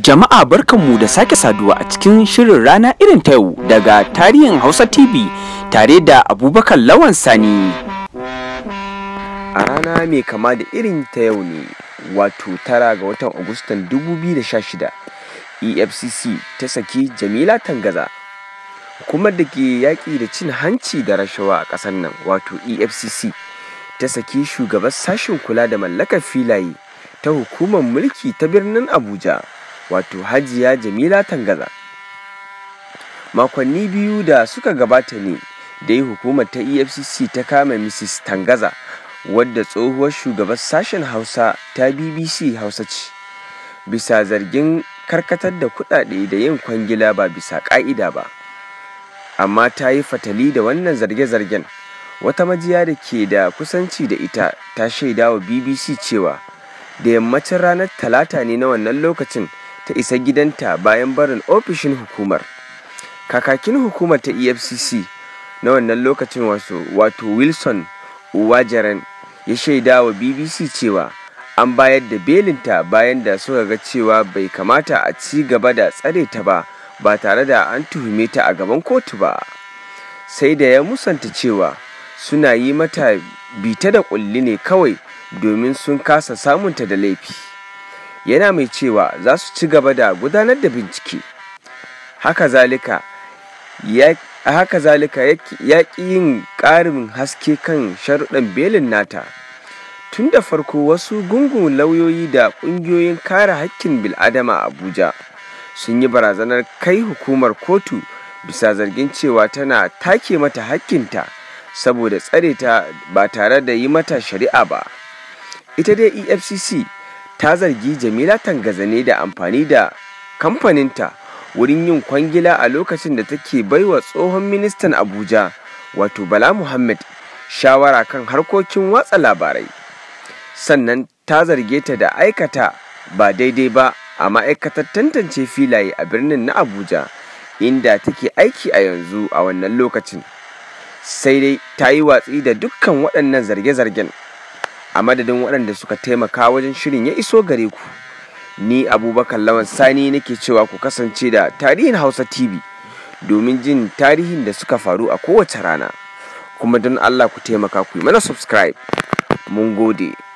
Jama'a barkanmu da sake saduwa a cikin shirin rana irin ta yau daga tarihin Hausa TV tare da Abubakar Lawan Sani. A rana mai kama da irin ta yau ne, wato tara ga watan Agustan 2016, EFCC ta saki Jamila Tangaza. Hukumar da ke yaƙi da cin hanci da rashawa a ƙasar nan, wato EFCC, ta saki shugaban sashen kula da mallakar filaye ta hukumar mulki ta birnin Abuja. wato hajiya jamila tangaza makonni biyu da suka gabata ne da yi hukumar ta efcc ta kama mrs tangaza wadda tsohuwar shugabar sashen hausa ta bbc hausa ce bisa zargin karkatar da kudade da yin kwangila ba bisa ka'ida ba amma ta yi fatali da wannan zarge-zargen wata majiya da ke da kusanci da ita ta shaida wa bbc cewa da yammacin ranar talata ne na wannan lokacin ta isa gidanta bayan barin ofishin hukumar kakakin hukumar ta efcc na wannan lokacin wato wilson uwajaren ya shaida wa bbc cewa an bayar da belinta bayan da suka ga cewa bai kamata a ci gaba da tsare ta ba ba tare da an tuhume ta a gaban kotu ba sai da ya musanta cewa suna yi mata bita da kulli ne kawai domin sun kasa samunta da laifi yana mai cewa za su ci gaba da gudanar da bincike haka zalika ya ƙi yin ƙarin haske kan sharuɗan belin nata tun da farko wasu gungun lauyoyi da ƙungiyoyin kare haƙƙin bil'adama a abuja sun yi barazanar kai hukumar kotu bisa zargin cewa tana take mata haƙƙinta saboda tsare ta ba tare da yi mata shari'a ba ita dai efcc ta zargi jamila tangazane da amfani da kamfaninta wurin yin kwangila a lokacin da take baiwa tsohon ministan abuja wato bala muhammad shawara kan harkokin watsa labarai sannan ta zarge ta da aikata ba daidai ba a ma'aikatar tantance filaye a birnin na abuja inda take aiki a yanzu a wannan lokacin sai dai ta yi watsi da dukkan waɗannan zarge-zargen a madadin waɗanda suka taimaka wajen shirin ya iso gare ku ni abubakar lawan sani nake cewa ku kasance da tarihin hausa tv domin jin tarihin da suka faru a kowace rana kuma don allah ku taimaka ku yi mana subscribe mun gode